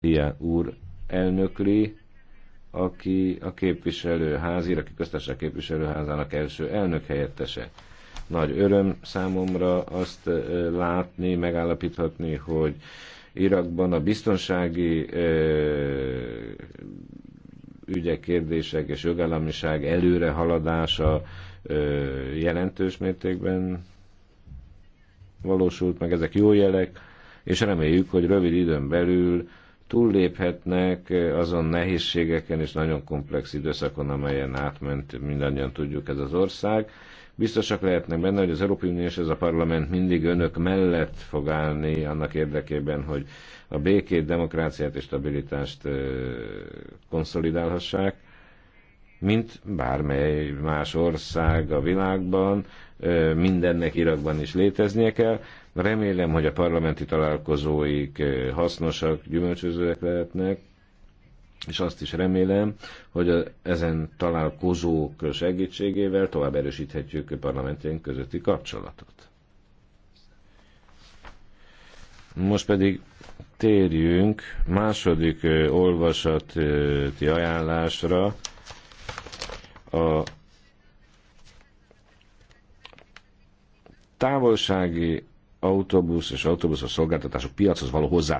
ilyen úr elnökli, aki a képviselőházi, aki köztársaság képviselőházának első elnök helyettese. Nagy öröm számomra azt látni, megállapíthatni, hogy Irakban a biztonsági ügyek, kérdések és jogállamiság előrehaladása jelentős mértékben valósult meg, ezek jó jelek, és reméljük, hogy rövid időn belül túlléphetnek azon nehézségeken és nagyon komplex időszakon, amelyen átment, mindannyian tudjuk ez az ország. Biztosak lehetnek benne, hogy az Európai Unió és ez a parlament mindig önök mellett fog állni annak érdekében, hogy a békét, demokráciát és stabilitást konszolidálhassák mint bármely más ország a világban, mindennek Irakban is léteznie kell. Remélem, hogy a parlamenti találkozóik hasznosak, gyümölcsözőek lehetnek, és azt is remélem, hogy a, ezen találkozók segítségével tovább erősíthetjük a parlamentjén közötti kapcsolatot. Most pedig térjünk második olvasati ajánlásra, a távolsági autóbusz és autóbuszos szolgáltatások piachoz való hozzá